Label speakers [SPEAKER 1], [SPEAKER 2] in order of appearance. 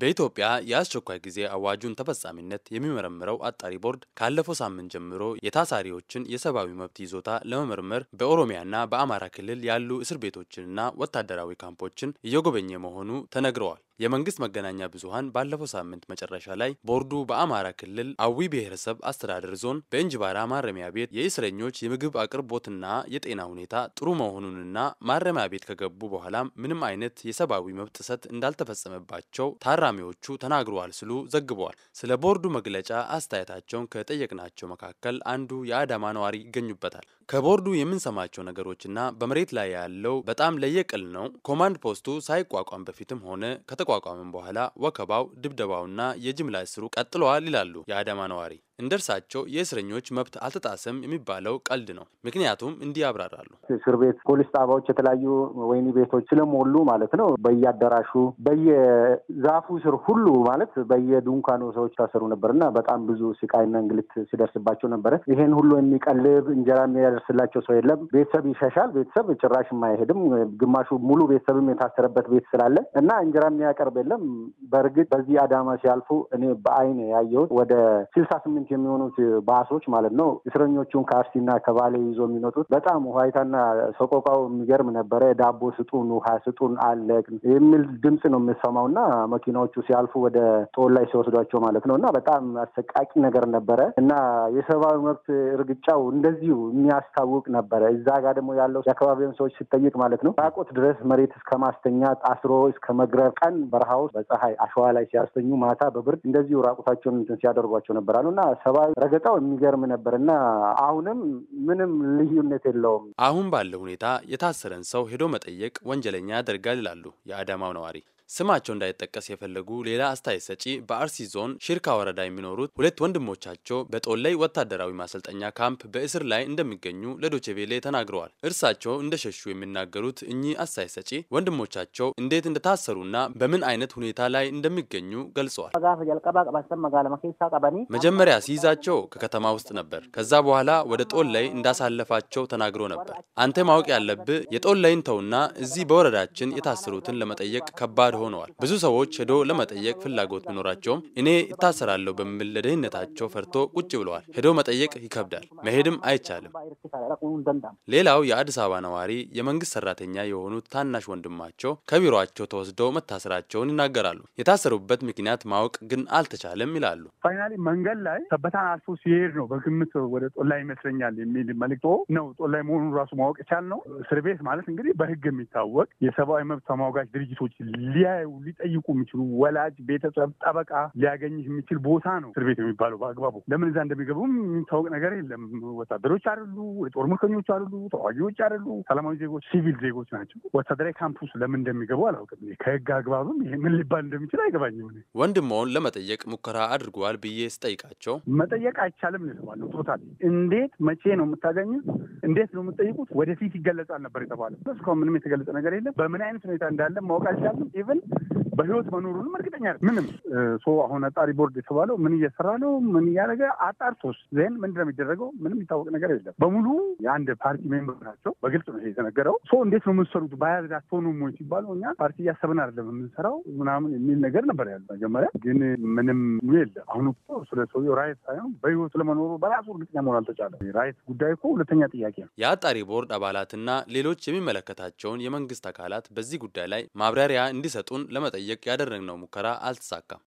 [SPEAKER 1] በኢትዮጵያ የአስቸኳይ ጊዜ አዋጁን ተፈጻሚነት የሚመረምረው አጣሪ ቦርድ ካለፈው ሳምንት ጀምሮ የታሳሪዎችን የሰብአዊ መብት ይዞታ ለመመርመር በኦሮሚያና በአማራ ክልል ያሉ እስር ቤቶችንና ወታደራዊ ካምፖችን እየጎበኘ መሆኑ ተነግረዋል። የመንግስት መገናኛ ብዙሃን ባለፈው ሳምንት መጨረሻ ላይ ቦርዱ በአማራ ክልል አዊ ብሔረሰብ አስተዳደር ዞን በእንጅባራ ማረሚያ ቤት የእስረኞች የምግብ አቅርቦትና የጤና ሁኔታ ጥሩ መሆኑንና ማረሚያ ቤት ከገቡ በኋላም ምንም አይነት የሰብአዊ መብት ጥሰት እንዳልተፈጸመባቸው ታራሚዎቹ ተናግረዋል ሲሉ ዘግበዋል። ስለ ቦርዱ መግለጫ አስተያየታቸውን ከጠየቅናቸው መካከል አንዱ የአዳማ ነዋሪ ይገኙበታል። ከቦርዱ የምንሰማቸው ነገሮችና በመሬት ላይ ያለው በጣም ለየቅል ነው። ኮማንድ ፖስቱ ሳይቋቋም በፊትም ሆነ ከተቋቋመም በኋላ ወከባው፣ ድብደባውና የጅምላ እስሩ ቀጥለዋል ይላሉ የአዳማ ነዋሪ። እንደ እርሳቸው የእስረኞች መብት አልተጣሰም የሚባለው ቀልድ ነው። ምክንያቱም እንዲህ ያብራራሉ።
[SPEAKER 2] እስር ቤት ፖሊስ ጣቢያዎች፣ የተለያዩ ወህኒ ቤቶች ስለሞሉ ማለት ነው። በየአዳራሹ በየዛፉ ስር ሁሉ ማለት በየድንኳኑ ሰዎች ታሰሩ ነበርና በጣም ብዙ ስቃይና እንግልት ሲደርስባቸው ነበረ። ይሄን ሁሉ የሚቀልብ እንጀራ የሚያደርስላቸው ሰው የለም። ቤተሰብ ይሸሻል። ቤተሰብ ጭራሽ አይሄድም። ግማሹ ሙሉ ቤተሰብም የታሰረበት ቤት ስላለ እና እንጀራ የሚያቀርብ የለም። በእርግጥ በዚህ አዳማ ሲያልፉ እኔ በአይን ያየሁት ወደ ስልሳ ስምንት የሚሆኑት ባሶች ማለት ነው እስረኞቹን ከአርሲና ከባሌ ይዞ የሚመጡት በጣም ውሃይታና ሰቆቃው የሚገርም ነበረ። ዳቦ ስጡን፣ ውሃ ስጡን አለ የሚል ድምፅ ነው የምሰማው እና መኪናዎቹ ሲያልፉ ወደ ጦር ላይ ሲወስዷቸው ማለት ነው እና በጣም አሰቃቂ ነገር ነበረ እና የሰብአዊ መብት እርግጫው እንደዚሁ የሚያስታውቅ ነበረ። እዛ ጋር ደግሞ ያለው የአካባቢውን ሰዎች ስጠይቅ ማለት ነው ራቆት ድረስ መሬት እስከ ማስተኛት አስሮ እስከ መግረብ ቀን በረሃ ውስጥ በፀሐይ አሸዋ ላይ ሲያስተኙ ማታ በብርድ እንደዚሁ ራቁታቸውን እንትን ሲያደርጓቸው ነበራሉ እና ሰብአዊ ረገጣው የሚገርም ነበር እና አሁንም ምንም ልዩነት የለውም።
[SPEAKER 1] አሁን ባለው ሁኔታ የታሰረን ሰው ሄዶ መጠየቅ ወንጀለኛ ያደርጋል ይላሉ የአዳማው ነዋሪ። ስማቸው እንዳይጠቀስ የፈለጉ ሌላ አስተያየት ሰጪ በአርሲ ዞን ሽርካ ወረዳ የሚኖሩት ሁለት ወንድሞቻቸው በጦላይ ወታደራዊ ማሰልጠኛ ካምፕ በእስር ላይ እንደሚገኙ ለዶቼቬሌ ተናግረዋል። እርሳቸው እንደሸሹ የሚናገሩት እኚህ አስተያየት ሰጪ ወንድሞቻቸው እንዴት እንደታሰሩና በምን አይነት ሁኔታ ላይ እንደሚገኙ ገልጸዋል። መጀመሪያ ሲይዛቸው ከከተማ ውስጥ ነበር። ከዛ በኋላ ወደ ጦላይ እንዳሳለፋቸው ተናግሮ ነበር። አንተ ማወቅ ያለብህ የጦላይን ተውና እዚህ በወረዳችን የታሰሩትን ለመጠየቅ ከባድ ሆነዋል። ብዙ ሰዎች ሄዶ ለመጠየቅ ፍላጎት ቢኖራቸውም እኔ ይታሰራለሁ በሚል ለደህንነታቸው ፈርቶ ቁጭ ብለዋል። ሄዶ መጠየቅ ይከብዳል፣ መሄድም አይቻልም። ሌላው የአዲስ አበባ ነዋሪ የመንግስት ሰራተኛ የሆኑት ታናሽ ወንድማቸው ከቢሮቸው ተወስደው መታሰራቸውን ይናገራሉ። የታሰሩበት ምክንያት ማወቅ ግን አልተቻለም ይላሉ።
[SPEAKER 3] ፋይናሊ መንገድ ላይ ሰበታን አልፎ ሲሄድ ነው በግምት ወደ ጦላ ይመስለኛል የሚል መልክቶ ነው። ጦላይ መሆኑን ራሱ ማወቅ የቻልነው እስር ቤት ማለት እንግዲህ በህግ የሚታወቅ የሰብአዊ መብት ተሟጋች ድርጅቶች ሊያ ሊያዩ ሊጠይቁ የሚችሉ ወላጅ፣ ቤተሰብ፣ ጠበቃ ሊያገኝህ የሚችል ቦታ ነው እስር ቤት የሚባለው በአግባቡ። ለምን እዛ እንደሚገቡም የሚታወቅ ነገር የለም። ወታደሮች አይደሉ፣ የጦር ምርኮኞች አይደሉ፣ ተዋጊዎች አይደሉ፣ ሰላማዊ ዜጎች፣ ሲቪል ዜጎች ናቸው። ወታደራዊ ካምፕስ ለምን እንደሚገቡ አላውቅም። ከህግ አግባብም ይሄ ምን ሊባል እንደሚችል አይገባኝም።
[SPEAKER 1] ወንድመውን ለመጠየቅ ሙከራ አድርጓል ብዬ ስጠይቃቸው
[SPEAKER 3] መጠየቅ አይቻልም ንለዋለሁ። ቶታል እንዴት መቼ ነው የምታገኙት? እንዴት ነው የምትጠይቁት? ወደፊት ይገለጻል ነበር የተባለ። እስካሁን ምንም የተገለጸ ነገር የለም። በምን አይነት ሁኔታ እንዳለ ማወቅ አይቻልም። ኢቨን በህይወት መኖሩንም እርግጠኛ ምንም ሶ አሁን አጣሪ ቦርድ የተባለው ምን እየሰራ ነው ምን እያደረገ አጣርቶስ ዜን ምን እንደሚደረገው ምንም የሚታወቅ ነገር የለም። በሙሉ የአንድ ፓርቲ ሜምበር ናቸው። በግልጽ ነው የተነገረው። ሶ እንዴት ነው የምንሰሩት ባያዝ አትሆኑም ሞይ ሲባሉ እኛ ፓርቲ እያሰብን አይደለም የምንሰራው ምናምን የሚል ነገር ነበር ያሉ። መጀመሪያ ግን ምንም የለም። አሁን እኮ ስለ ሰው ራይት ሳይሆን በህይወት ለመኖሩ በራሱ እርግጠኛ መሆን አልተቻለም። ራይት ጉዳይ እኮ ሁለተኛ ጥያቄ ነው።
[SPEAKER 1] የአጣሪ ቦርድ አባላትና ሌሎች የሚመለከታቸውን የመንግስት አካላት በዚህ ጉዳይ ላይ ማብራሪያ እንዲሰጡን ለመጠየቅ ለመጠየቅ ያደረግነው ሙከራ አልተሳካም